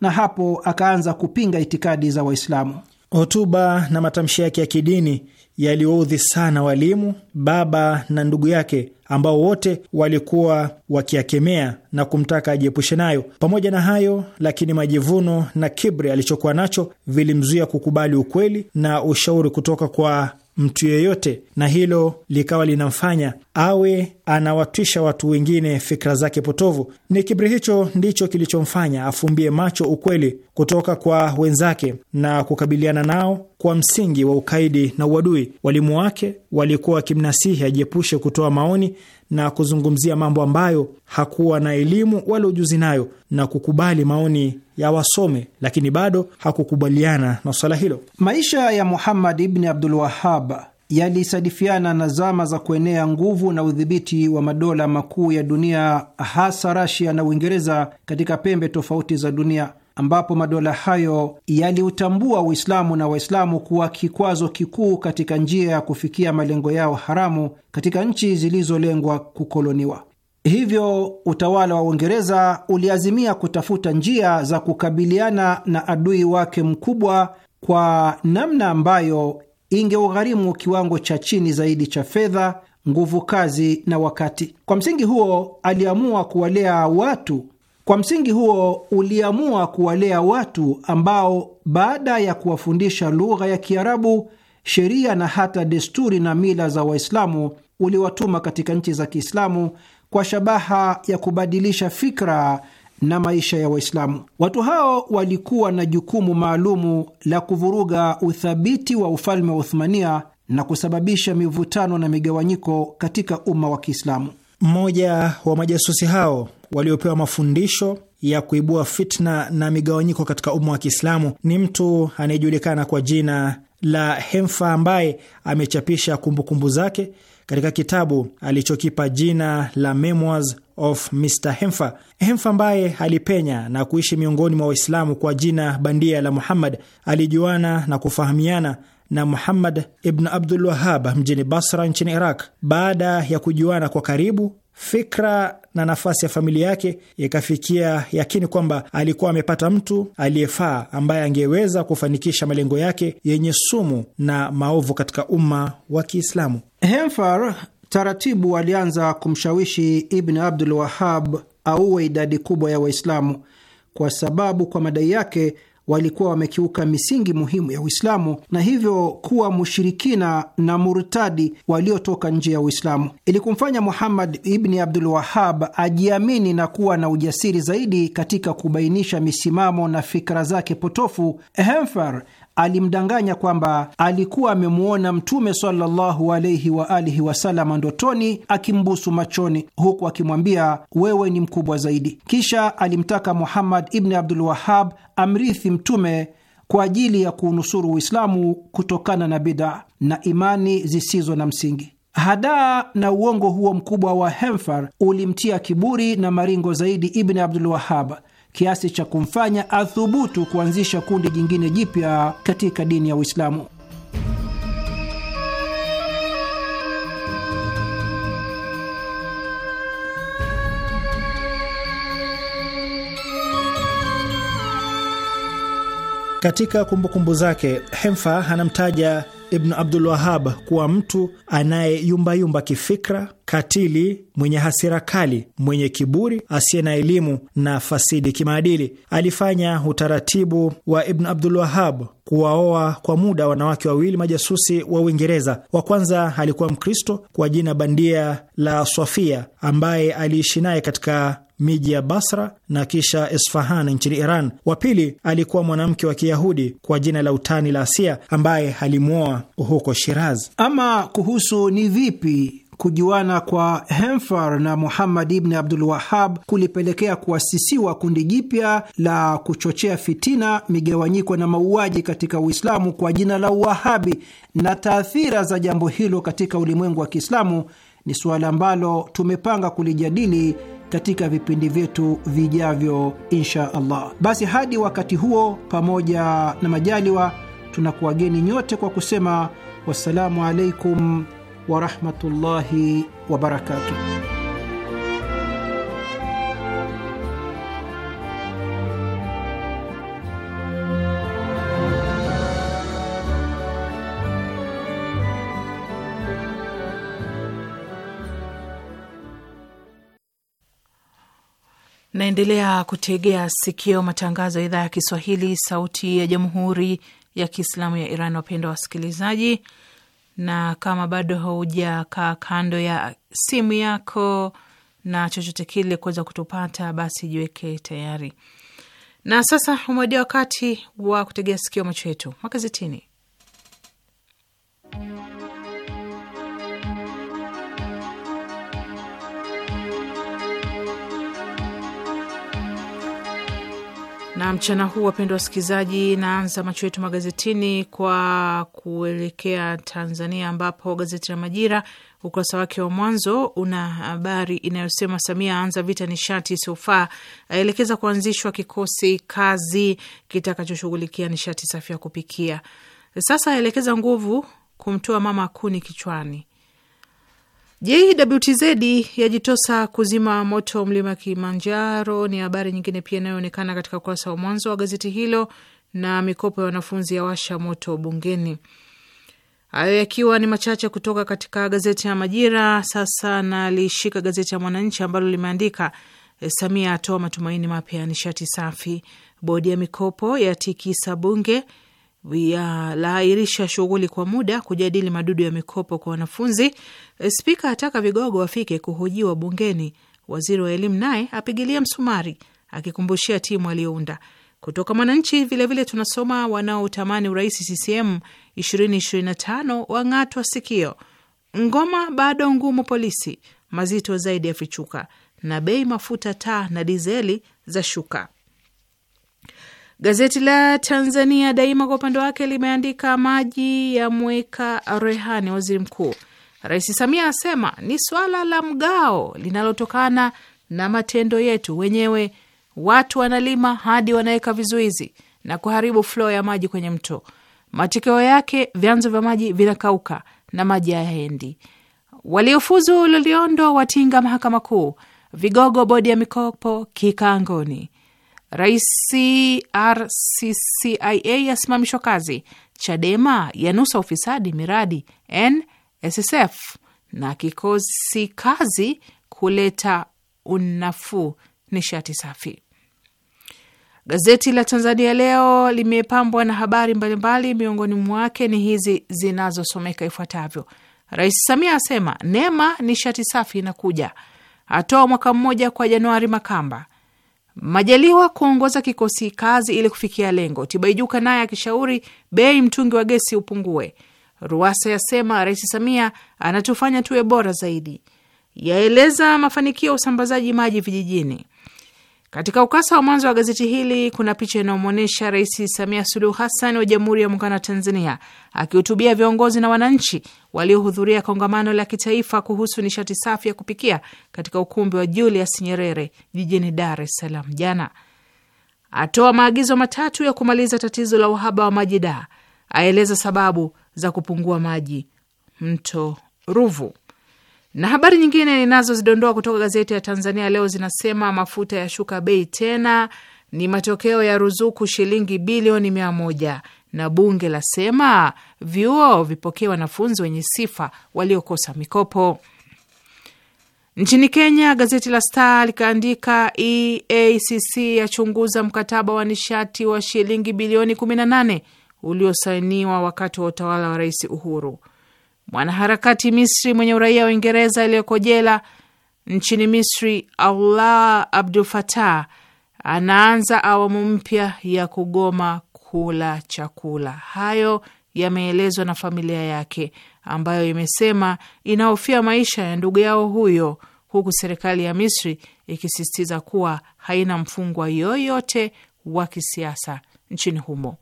na hapo akaanza kupinga itikadi za Waislamu. Hotuba na matamshi yake ya kidini yaliwaudhi sana walimu, baba na ndugu yake ambao wote walikuwa wakiakemea na kumtaka ajiepushe nayo. Pamoja na hayo lakini, majivuno na kibri alichokuwa nacho vilimzuia kukubali ukweli na ushauri kutoka kwa mtu yeyote, na hilo likawa linamfanya awe anawatwisha watu wengine fikra zake potovu. Ni kiburi hicho ndicho kilichomfanya afumbie macho ukweli kutoka kwa wenzake na kukabiliana nao kwa msingi wa ukaidi na uadui. Walimu wake walikuwa wakimnasihi ajiepushe kutoa maoni na kuzungumzia mambo ambayo hakuwa na elimu wala ujuzi nayo na kukubali maoni ya wasome, lakini bado hakukubaliana na swala hilo. Maisha ya Muhammad ibni Abdul Wahab yalisadifiana na zama za kuenea nguvu na udhibiti wa madola makuu ya dunia hasa Rasia na Uingereza katika pembe tofauti za dunia ambapo madola hayo yaliutambua Uislamu na Waislamu kuwa kikwazo kikuu katika njia ya kufikia malengo yao haramu katika nchi zilizolengwa kukoloniwa. Hivyo utawala wa Uingereza uliazimia kutafuta njia za kukabiliana na adui wake mkubwa kwa namna ambayo ingeugharimu kiwango cha chini zaidi cha fedha, nguvu kazi na wakati. Kwa msingi huo aliamua kuwalea watu kwa msingi huo uliamua kuwalea watu ambao baada ya kuwafundisha lugha ya Kiarabu, sheria na hata desturi na mila za Waislamu, uliwatuma katika nchi za Kiislamu kwa shabaha ya kubadilisha fikra na maisha ya Waislamu. Watu hao walikuwa na jukumu maalumu la kuvuruga uthabiti wa ufalme wa Uthmania na kusababisha mivutano na migawanyiko katika umma wa Kiislamu. Mmoja wa majasusi hao waliopewa mafundisho ya kuibua fitna na migawanyiko katika umma wa Kiislamu ni mtu anayejulikana kwa jina la Hemfa ambaye amechapisha kumbukumbu zake katika kitabu alichokipa jina la Memoirs of Mr Hemfa. Hemfa ambaye alipenya na kuishi miongoni mwa Waislamu kwa jina bandia la Muhammad alijuana na kufahamiana na Muhammad ibn Abdul Wahab mjini Basra nchini Iraq. Baada ya kujuana kwa karibu, fikra na nafasi ya familia yake ikafikia yakini kwamba alikuwa amepata mtu aliyefaa ambaye angeweza kufanikisha malengo yake yenye sumu na maovu katika umma wa Kiislamu. Hemfar taratibu alianza kumshawishi Ibn Abdul Wahab auwe idadi kubwa ya Waislamu kwa sababu kwa madai yake walikuwa wamekiuka misingi muhimu ya Uislamu na hivyo kuwa mushirikina na murtadi waliotoka nje ya Uislamu. Ili kumfanya Muhammad ibni Abdul Wahab ajiamini na kuwa na ujasiri zaidi katika kubainisha misimamo na fikra zake potofu, Hemfer alimdanganya kwamba alikuwa amemwona Mtume sallallahu wa alihi ndotoni akimbusu machoni, huku akimwambia wewe ni mkubwa zaidi. Kisha alimtaka Muhammad ibni Abdul Wahab amrithi Mtume kwa ajili ya kuunusuru Uislamu kutokana na bidaa na imani zisizo na msingi. Hadaa na uongo huo mkubwa wa Hemfar ulimtia kiburi na maringo zaidi Ibni Abdul Wahab kiasi cha kumfanya athubutu kuanzisha kundi jingine jipya katika dini ya Uislamu. Katika kumbukumbu zake Hemfa anamtaja Ibn Abdul Wahab kuwa mtu anayeyumbayumba kifikra, katili, mwenye hasira kali, mwenye kiburi, asiye na elimu na fasidi kimaadili. Alifanya utaratibu wa Ibn Abdul Wahab kuwaoa kwa muda wanawake wawili majasusi wa Uingereza. Wa kwanza alikuwa Mkristo kwa jina bandia la Sofia, ambaye aliishi naye katika miji ya Basra na kisha Esfahan nchini Iran. Wa pili alikuwa mwanamke wa Kiyahudi kwa jina la utani la Asia ambaye alimwoa huko Shiraz. Ama kuhusu ni vipi kujuana kwa Hemfar na Muhammad ibn Abdul Wahab kulipelekea kuasisiwa kundi jipya la kuchochea fitina, migawanyiko na mauaji katika Uislamu kwa jina la Uwahabi, na taathira za jambo hilo katika ulimwengu wa Kiislamu ni suala ambalo tumepanga kulijadili katika vipindi vyetu vijavyo, insha Allah. Basi hadi wakati huo, pamoja na majaliwa, tunakuwageni nyote kwa kusema wassalamu alaikum warahmatullahi wabarakatuh. Naendelea kutegea sikio matangazo ya idhaa ya Kiswahili, sauti ya jamhuri ya kiislamu ya Iran. Wapendwa wasikilizaji, na kama bado haujakaa kando ya simu yako na chochote kile kuweza kutupata, basi jiweke tayari. Na sasa umewadia wakati wa kutegea sikio macho yetu magazetini. na mchana huu, wapendwa wasikilizaji, naanza macho yetu magazetini kwa kuelekea Tanzania, ambapo gazeti la Majira ukurasa wake wa mwanzo una habari inayosema Samia aanza vita nishati isiyofaa, aelekeza kuanzishwa kikosi kazi kitakachoshughulikia nishati safi ya kupikia. Sasa aelekeza nguvu kumtoa mama kuni kichwani, JWTZ yajitosa kuzima moto mlima Kilimanjaro ni habari nyingine pia inayoonekana katika ukurasa wa mwanzo wa gazeti hilo, na mikopo ya wanafunzi ya washa moto bungeni. Hayo yakiwa ni machache kutoka katika gazeti ya Majira. Sasa nalishika gazeti ya Mwananchi ambalo limeandika eh, Samia atoa matumaini mapya ya nishati safi, bodi ya mikopo ya tikisa bunge yalaahirisha shughuli kwa muda kujadili madudu ya mikopo kwa wanafunzi. Spika ataka vigogo wafike kuhojiwa bungeni. Waziri wa elimu naye apigilia msumari akikumbushia timu aliyounda. Kutoka Mwananchi vilevile tunasoma wanaotamani urais CCM 2025 wang'atwa sikio. Ngoma bado ngumu, polisi mazito zaidi ya na bei mafuta taa na dizeli za shuka. Gazeti la Tanzania Daima kwa upande wake limeandika maji ya mweka rehani waziri mkuu. Rais Samia asema ni swala la mgao linalotokana na matendo yetu wenyewe. Watu wanalima hadi wanaweka vizuizi na kuharibu flow ya maji kwenye mto. Matokeo yake vyanzo vya maji vinakauka na maji hayaendi. Waliofuzu Loliondo watinga mahakama kuu, vigogo bodi ya mikopo kikangoni. Rais RCCIA asimamishwa kazi, Chadema yanusa ufisadi miradi NSSF na kikosi kazi kuleta unafuu nishati safi. Gazeti la Tanzania Leo limepambwa na habari mbalimbali, miongoni mwake ni hizi zinazosomeka ifuatavyo: Rais Samia asema nema nishati safi inakuja, atoa mwaka mmoja kwa Januari Makamba, Majaliwa kuongoza kikosi kazi ili kufikia lengo. Tibaijuka naye akishauri bei mtungi wa gesi upungue. Ruasa yasema Rais Samia anatufanya tuwe bora zaidi, yaeleza mafanikio ya usambazaji maji vijijini. Katika ukasa wa mwanzo wa gazeti hili kuna picha inayomwonyesha Rais Samia Suluhu Hassan wa Jamhuri ya Muungano wa Tanzania akihutubia viongozi na wananchi waliohudhuria kongamano la kitaifa kuhusu nishati safi ya kupikia katika ukumbi wa Julius Nyerere jijini Dar es Salaam jana. Atoa maagizo matatu ya kumaliza tatizo la uhaba wa maji da aeleza sababu za kupungua maji mto Ruvu. Na habari nyingine ninazozidondoa kutoka gazeti ya Tanzania Leo zinasema mafuta ya shuka bei tena, ni matokeo ya ruzuku shilingi bilioni mia moja na bunge lasema vyuo vipokee wanafunzi wenye sifa waliokosa mikopo. Nchini Kenya, gazeti la Star likaandika EACC yachunguza mkataba wa nishati wa shilingi bilioni 18 uliosainiwa wakati wa utawala wa Rais Uhuru. Mwanaharakati Misri mwenye uraia wa Uingereza aliyoko jela nchini Misri, Allah Abdul Fatah anaanza awamu mpya ya kugoma kula chakula. Hayo yameelezwa na familia yake ambayo imesema inahofia maisha ya ndugu yao huyo, huku serikali ya Misri ikisisitiza kuwa haina mfungwa yoyote wa kisiasa nchini humo.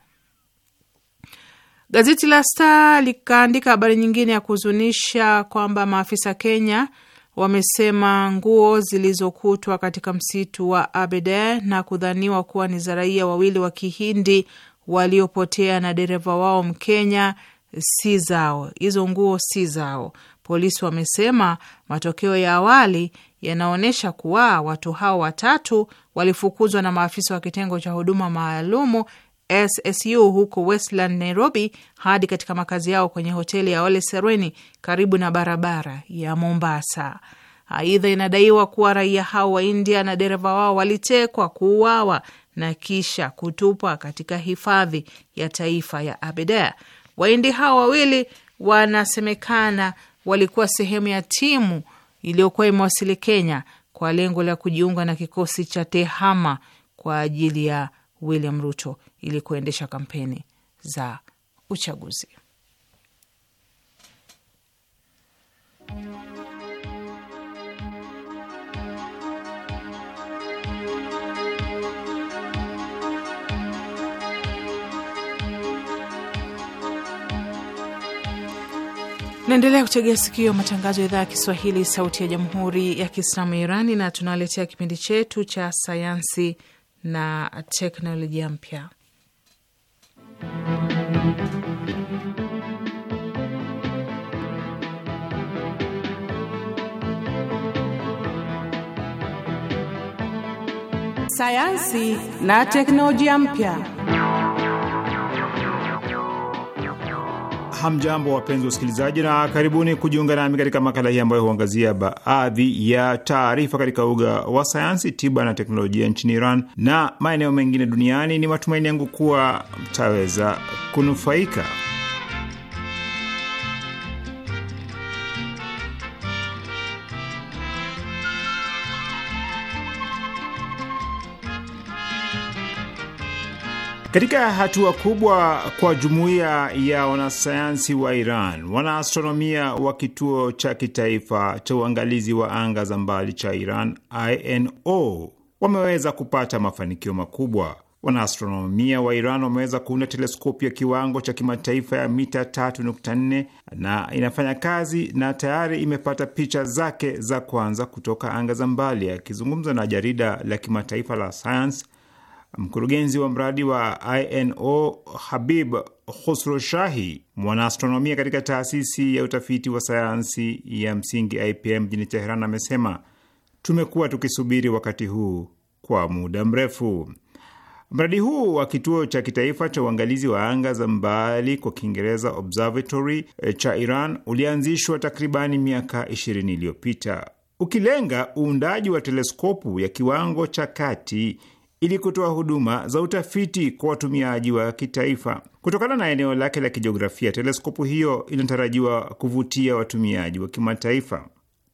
Gazeti la Star likaandika habari nyingine ya kuhuzunisha kwamba maafisa Kenya wamesema nguo zilizokutwa katika msitu wa Aberdare na kudhaniwa kuwa ni za raia wawili wa Kihindi waliopotea na dereva wao Mkenya si zao, hizo nguo si zao. Polisi wamesema matokeo ya awali yanaonyesha kuwa watu hao watatu walifukuzwa na maafisa wa kitengo cha huduma maalumu SSU huko Westland, Nairobi, hadi katika makazi yao kwenye hoteli ya Ole Sereni karibu na barabara ya Mombasa. Aidha, inadaiwa kuwa raia hao wa India na dereva wao walitekwa, kuuawa na kisha kutupwa katika hifadhi ya taifa ya Aberdare. Waindi hao wawili wanasemekana walikuwa sehemu ya timu iliyokuwa imewasili Kenya kwa lengo la kujiunga na kikosi cha TEHAMA kwa ajili ya William Ruto ili kuendesha kampeni za uchaguzi. Naendelea kutegea sikio matangazo ya idhaa ya Kiswahili, sauti ya jamhuri ya kiislamu ya Irani, na tunawaletea kipindi chetu cha sayansi na teknolojia mpya. Sayansi na teknolojia mpya. Hamjambo, wapenzi wa usikilizaji, na karibuni kujiunga nami katika makala hii ambayo huangazia baadhi ya taarifa katika uga wa sayansi, tiba na teknolojia nchini Iran na maeneo mengine duniani. Ni matumaini yangu kuwa mtaweza kunufaika. Katika hatua kubwa kwa jumuiya ya wanasayansi wa Iran, wanaastronomia wa kituo cha kitaifa cha uangalizi wa anga za mbali cha Iran INO wameweza kupata mafanikio makubwa. Wanaastronomia wa Iran wameweza kuunda teleskopu ya kiwango cha kimataifa ya mita 3.4 na inafanya kazi na tayari imepata picha zake za kwanza kutoka anga za mbali. Akizungumza na jarida la kimataifa la Science, Mkurugenzi wa mradi wa INO Habib Khusro Shahi, mwanaastronomia katika taasisi ya utafiti wa sayansi ya msingi IPM mjini Teheran, amesema tumekuwa tukisubiri wakati huu kwa muda mrefu. Mradi huu wa kituo cha kitaifa cha uangalizi wa anga za mbali kwa Kiingereza Observatory eh, cha Iran ulianzishwa takribani miaka 20 iliyopita ukilenga uundaji wa teleskopu ya kiwango cha kati ili kutoa huduma za utafiti kwa watumiaji wa kitaifa. Kutokana na eneo lake la kijiografia, teleskopu hiyo inatarajiwa kuvutia watumiaji wa kimataifa.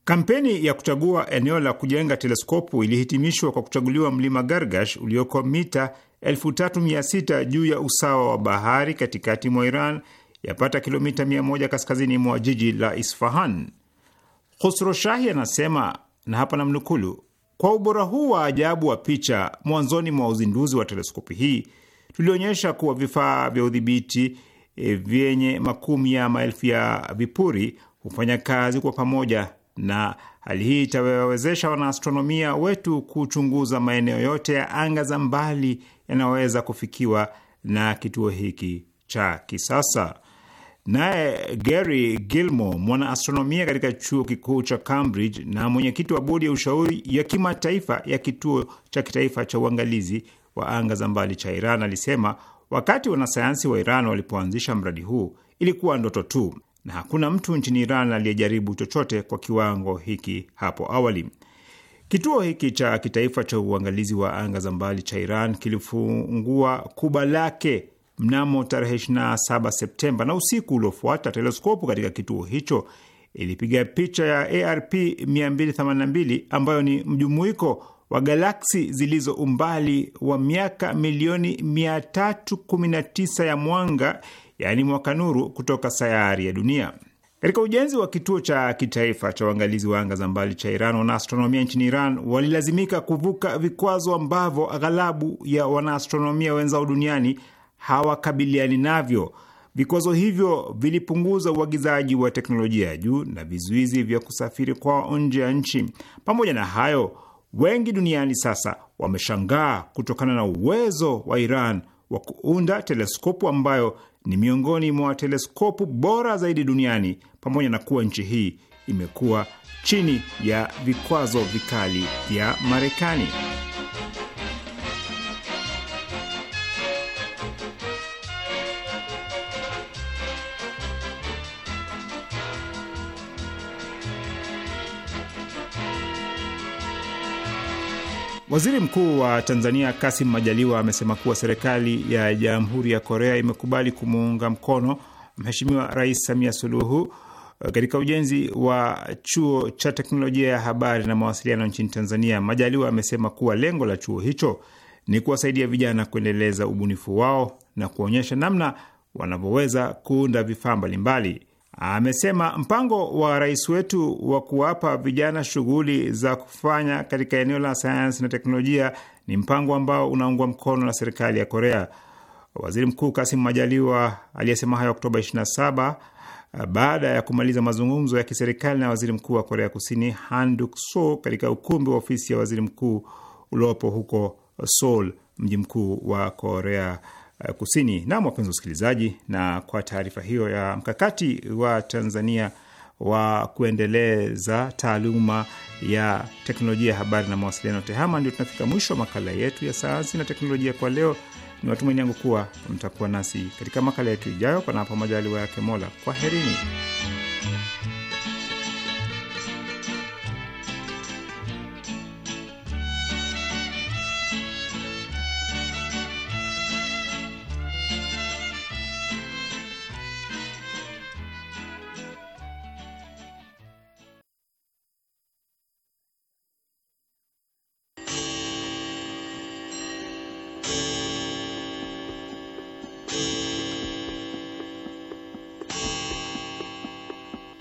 Kampeni ya kuchagua eneo la kujenga teleskopu ilihitimishwa kwa kuchaguliwa mlima Gargash ulioko mita 3600 juu ya usawa wa bahari katikati mwa Iran, yapata kilomita 100 kaskazini mwa jiji la Isfahan. Shahi anasema na hapa namnukulu: kwa ubora huu wa ajabu wa picha, mwanzoni mwa uzinduzi wa teleskopi hii tulionyesha kuwa vifaa vya udhibiti e, vyenye makumi ya maelfu ya vipuri hufanya kazi kwa pamoja, na hali hii itawawezesha wanaastronomia wetu kuchunguza maeneo yote ya anga za mbali yanayoweza kufikiwa na kituo hiki cha kisasa. Naye Gary Gilmore, mwanaastronomia katika chuo kikuu cha Cambridge na mwenyekiti wa bodi ya ushauri ya kimataifa ya kituo cha kitaifa cha uangalizi wa anga za mbali cha Iran, alisema wakati wanasayansi wa Iran walipoanzisha mradi huu ilikuwa ndoto tu, na hakuna mtu nchini Iran aliyejaribu chochote kwa kiwango hiki hapo awali. Kituo hiki cha kitaifa cha uangalizi wa anga za mbali cha Iran kilifungua kuba lake mnamo tarehe 27 Septemba, na usiku uliofuata teleskopu katika kituo hicho ilipiga picha ya ARP 282 ambayo ni mjumuiko wa galaksi zilizo umbali wa miaka milioni 319 ya mwanga, yaani mwaka nuru, kutoka sayari ya dunia. Katika ujenzi wa kituo cha kitaifa cha uangalizi wa anga za mbali cha Iran, wanaastronomia nchini Iran walilazimika kuvuka vikwazo ambavyo aghalabu ya wanaastronomia wenzao duniani hawakabiliani navyo. Vikwazo hivyo vilipunguza uagizaji wa teknolojia ya juu na vizuizi vya kusafiri kwa nje ya nchi. Pamoja na hayo, wengi duniani sasa wameshangaa kutokana na uwezo wa Iran wa kuunda teleskopu ambayo ni miongoni mwa teleskopu bora zaidi duniani, pamoja na kuwa nchi hii imekuwa chini ya vikwazo vikali vya Marekani. Waziri Mkuu wa Tanzania Kasim Majaliwa amesema kuwa serikali ya Jamhuri ya Korea imekubali kumuunga mkono Mheshimiwa Rais Samia Suluhu uh, katika ujenzi wa chuo cha teknolojia ya habari na mawasiliano nchini Tanzania. Majaliwa amesema kuwa lengo la chuo hicho ni kuwasaidia vijana kuendeleza ubunifu wao na kuonyesha namna wanavyoweza kuunda vifaa mbalimbali. Amesema mpango wa rais wetu wa kuwapa vijana shughuli za kufanya katika eneo la sayansi na teknolojia ni mpango ambao unaungwa mkono na serikali ya Korea. Waziri Mkuu Kasim Majaliwa aliyesema hayo Oktoba 27 baada ya kumaliza mazungumzo ya kiserikali na waziri mkuu wa Korea Kusini Han So katika ukumbi wa ofisi ya waziri mkuu uliopo huko Seoul, mji mkuu wa Korea Eh, kusini. Nam, wapenzi wasikilizaji, na kwa taarifa hiyo ya mkakati wa Tanzania wa kuendeleza taaluma ya teknolojia ya habari na mawasiliano TEHAMA, ndio tunafika mwisho wa makala yetu ya sayansi na teknolojia kwa leo. Ni matumaini yangu kuwa mtakuwa nasi katika makala yetu ijayo, panapo majaliwa yake Mola. Kwaherini.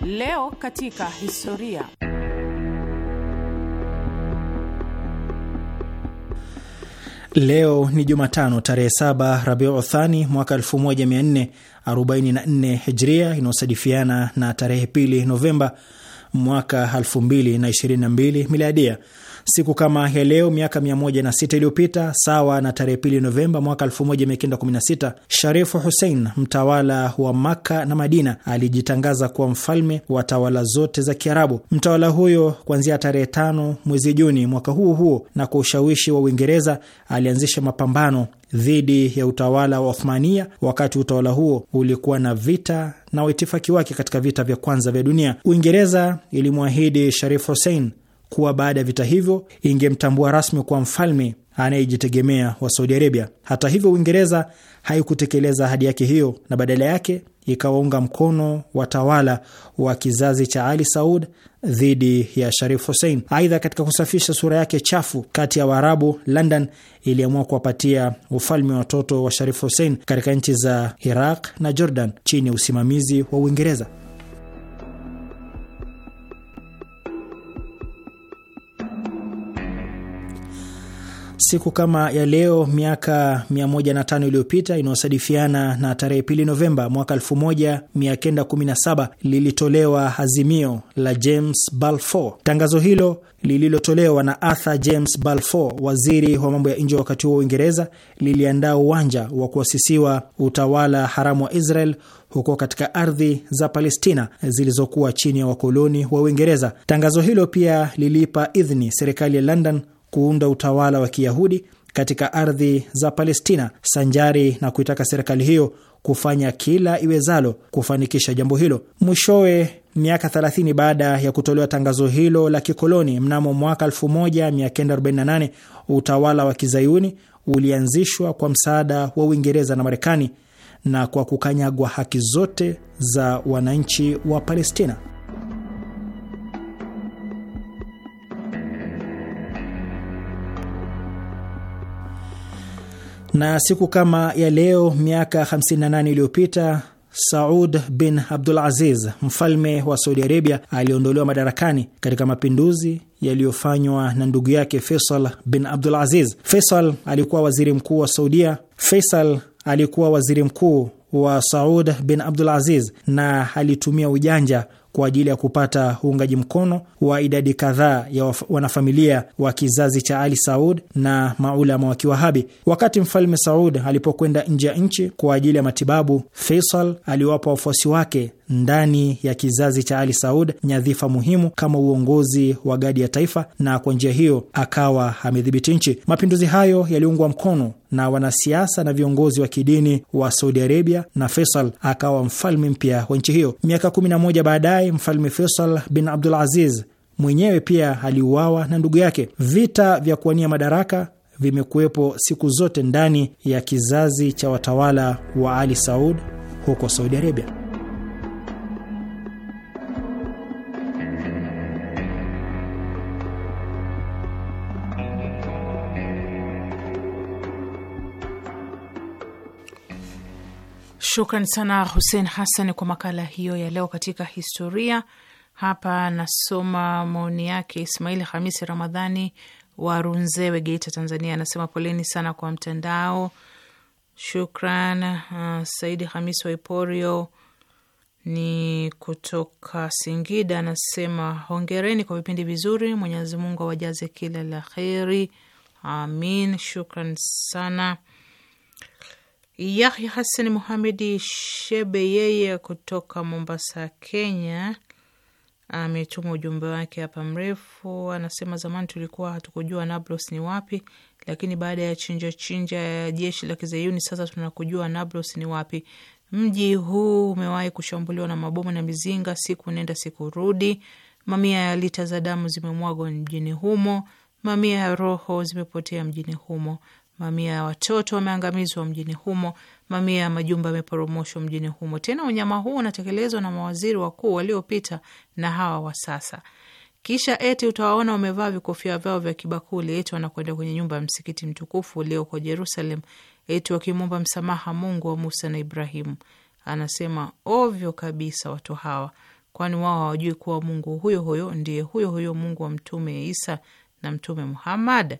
Leo katika historia. Leo ni Jumatano tarehe 7 Rabiu Uthani mwaka 1444 Hijria, inayosadifiana na tarehe pili Novemba mwaka 2022 Miladia. Siku kama ya leo miaka 106 iliyopita, sawa na tarehe pili Novemba mwaka 1916, Sharifu Hussein mtawala wa Makka na Madina alijitangaza kuwa mfalme wa tawala zote za Kiarabu. Mtawala huyo kuanzia tarehe tano mwezi Juni mwaka huo huo na kwa ushawishi wa Uingereza alianzisha mapambano dhidi ya utawala wa Othmania. Wakati utawala huo ulikuwa na vita na waitifaki wake katika vita vya kwanza vya dunia, Uingereza ilimwahidi Sharif Hussein kuwa baada ya vita hivyo ingemtambua rasmi kuwa mfalme anayejitegemea wa Saudi Arabia. Hata hivyo, Uingereza haikutekeleza ahadi yake hiyo na badala yake ikawaunga mkono watawala wa kizazi cha Ali Saud dhidi ya Sharif Hussein. Aidha, katika kusafisha sura yake chafu kati ya Waarabu, London iliamua kuwapatia ufalme wa watoto wa Sharif Hussein katika nchi za Iraq na Jordan chini ya usimamizi wa Uingereza. siku kama ya leo miaka 105 iliyopita inayosadifiana na tarehe pili Novemba mwaka 1917 lilitolewa azimio la James Balfour. Tangazo hilo lililotolewa na Arthur James Balfour, waziri wa mambo ya nje wakati huo wa Uingereza, liliandaa uwanja wa kuasisiwa utawala haramu wa Israel huko katika ardhi za Palestina zilizokuwa chini ya wakoloni wa Uingereza. Tangazo hilo pia liliipa idhini serikali ya London kuunda utawala wa Kiyahudi katika ardhi za Palestina sanjari na kuitaka serikali hiyo kufanya kila iwezalo kufanikisha jambo hilo. Mwishowe, miaka 30 baada ya kutolewa tangazo hilo la kikoloni mnamo mwaka 1948 utawala wa Kizayuni ulianzishwa kwa msaada wa Uingereza na Marekani na kwa kukanyagwa haki zote za wananchi wa Palestina. Na siku kama ya leo miaka 58 iliyopita Saud bin Abdul Aziz, mfalme wa Saudi Arabia, aliondolewa madarakani katika mapinduzi yaliyofanywa na ndugu yake Faisal bin Abdul Aziz. Faisal alikuwa waziri mkuu wa Saudia. Faisal alikuwa waziri mkuu wa Saud bin Abdul Aziz na alitumia ujanja kwa ajili ya kupata uungaji mkono wa idadi kadhaa ya wanafamilia wa kizazi cha Ali Saud na maulama wa Kiwahabi. Wakati mfalme Saud alipokwenda nje ya nchi kwa ajili ya matibabu, Faisal aliwapa wafuasi wake ndani ya kizazi cha Ali Saud nyadhifa muhimu kama uongozi wa gadi ya taifa, na kwa njia hiyo akawa amedhibiti nchi. Mapinduzi hayo yaliungwa mkono na wanasiasa na viongozi wa kidini wa Saudi Arabia na Faisal akawa mfalme mpya wa nchi hiyo. Miaka 11 baadaye, mfalme Faisal bin Abdul Aziz mwenyewe pia aliuawa na ndugu yake. Vita vya kuwania madaraka vimekuwepo siku zote ndani ya kizazi cha watawala wa Ali Saud huko Saudi Arabia. Shukran sana Hussein Hassan kwa makala hiyo ya leo katika historia. Hapa nasoma maoni yake Ismaili Hamisi Ramadhani wa Runzewe, Geita, Tanzania. Anasema poleni sana kwa mtandao. Shukran. Uh, Saidi Hamis Waiporio ni kutoka Singida, anasema hongereni kwa vipindi vizuri. Mwenyezi Mungu awajaze kila la kheri, amin. Shukran sana. Yahya Hasani Muhamedi Shebe yeye kutoka Mombasa, Kenya, ametuma ujumbe wake hapa mrefu. Anasema zamani tulikuwa hatukujua Nablus ni wapi, lakini baada ya chinja chinja ya jeshi la kizayuni sasa tunakujua Nablus ni wapi. Mji huu umewahi kushambuliwa na mabomu na mizinga, siku nenda siku rudi. Mamia ya lita za damu zimemwagwa mjini humo, mamia ya roho zimepotea mjini humo. Mamia ya watoto wameangamizwa mjini humo, mamia ya majumba yameporomoshwa mjini humo. Tena unyama huu unatekelezwa na mawaziri wakuu waliopita na hawa wa sasa. Kisha eti utawaona wamevaa vikofia vyao vya kibakuli, eti wanakwenda kwenye nyumba ya msikiti mtukufu ulioko Jerusalem, eti wakimwomba msamaha Mungu wa Musa na Ibrahimu. Anasema ovyo kabisa watu hawa, kwani wao hawajui kuwa Mungu huyo huyo ndiye huyo huyo Mungu wa Mtume Isa na Mtume Muhammad.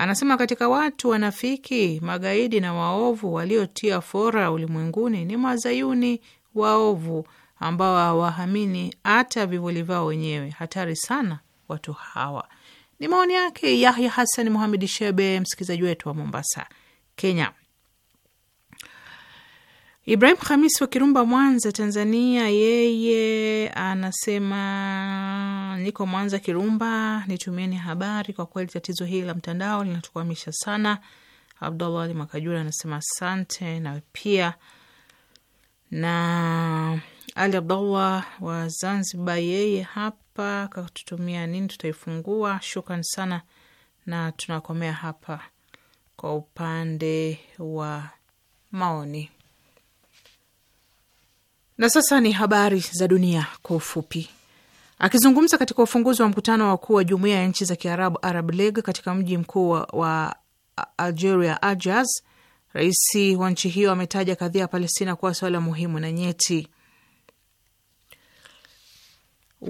Anasema katika watu wanafiki, magaidi na waovu waliotia fora ulimwenguni ni mazayuni waovu ambao hawaamini hata vivuli vao wenyewe. Hatari sana watu hawa. Ni maoni yake Yahya Hassan Muhamed Shebe, msikilizaji wetu wa Mombasa, Kenya. Ibrahim Khamis wa Kirumba, Mwanza, Tanzania, yeye anasema niko Mwanza Kirumba, nitumieni habari. Kwa kweli tatizo hili la mtandao linatukwamisha sana. Abdullah Ali Makajura anasema asante. Na pia na Ali abdallah wa Zanzibar, yeye hapa katutumia nini, tutaifungua. Shukran sana, na tunakomea hapa kwa upande wa maoni. Na sasa ni habari za dunia kwa ufupi. Akizungumza katika ufunguzi wa mkutano wa wakuu wa jumuiya ya nchi za Kiarabu, Arab League, katika mji mkuu wa Algeria, Algiers, rais wa nchi hiyo ametaja kadhia ya Palestina kuwa suala muhimu na nyeti.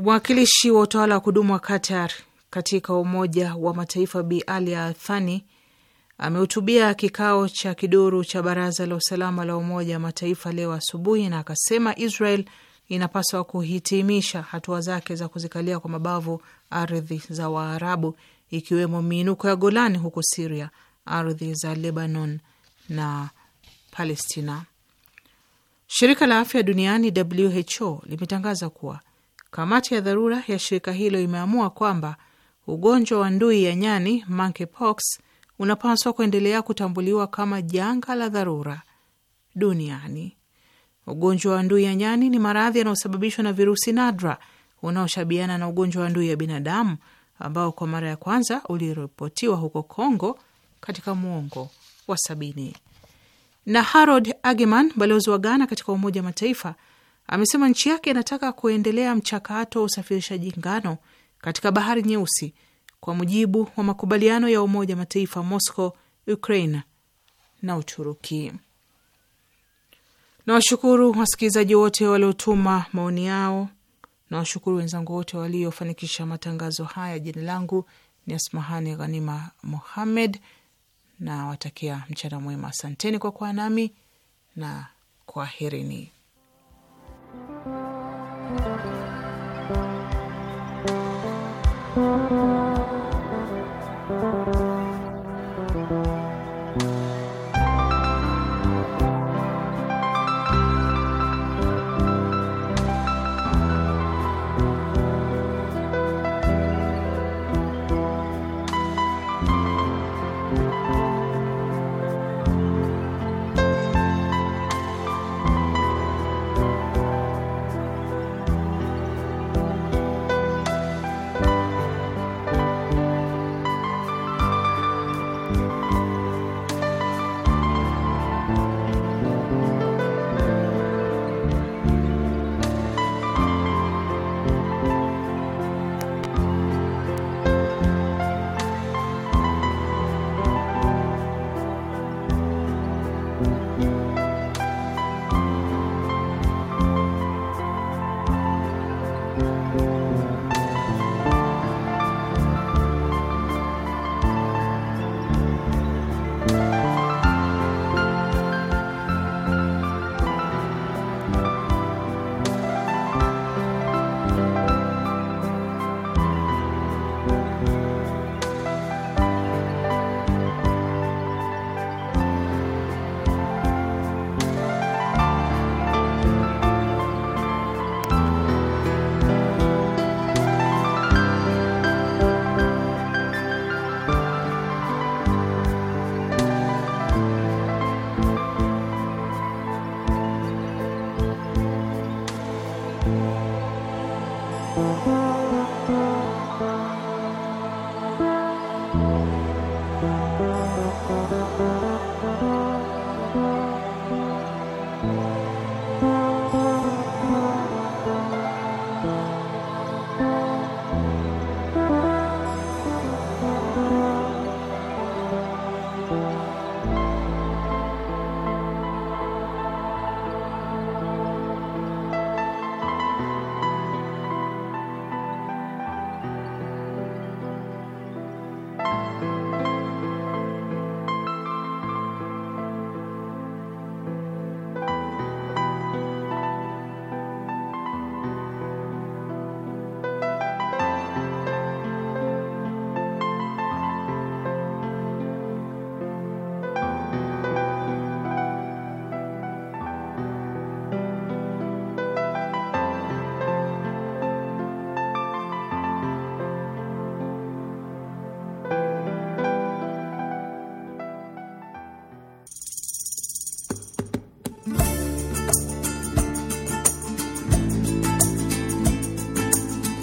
Mwakilishi wa utawala wa kudumu wa Qatar katika Umoja wa Mataifa Bi Alia Thani amehutubia kikao cha kiduru cha baraza la usalama la Umoja wa Mataifa leo asubuhi, na akasema Israel inapaswa kuhitimisha hatua zake za kuzikalia kwa mabavu ardhi za Waarabu, ikiwemo miinuko ya Golani huko Siria, ardhi za Lebanon na Palestina. Shirika la afya duniani WHO limetangaza kuwa kamati ya dharura ya shirika hilo imeamua kwamba ugonjwa wa ndui ya nyani monkeypox unapaswa kuendelea kutambuliwa kama janga la dharura duniani. Ugonjwa wa ndui ya nyani ni maradhi yanayosababishwa na virusi nadra unaoshabiana na ugonjwa wa ndui ya binadamu ambao kwa mara ya kwanza uliripotiwa huko Congo katika mwongo wa sabini. Na Harold Ageman, balozi wa Ghana katika Umoja wa Mataifa, amesema nchi yake inataka kuendelea mchakato wa usafirishaji ngano katika Bahari Nyeusi kwa mujibu wa makubaliano ya Umoja Mataifa, Moscow, ukrain na Uturuki. Nawashukuru wasikilizaji wote waliotuma maoni yao. Nawashukuru wenzangu wote waliofanikisha matangazo haya. Jina langu ni Asmahani Ghanima muhammed na watakia mchana mwema. Asanteni kwa kuwa nami na kwaherini.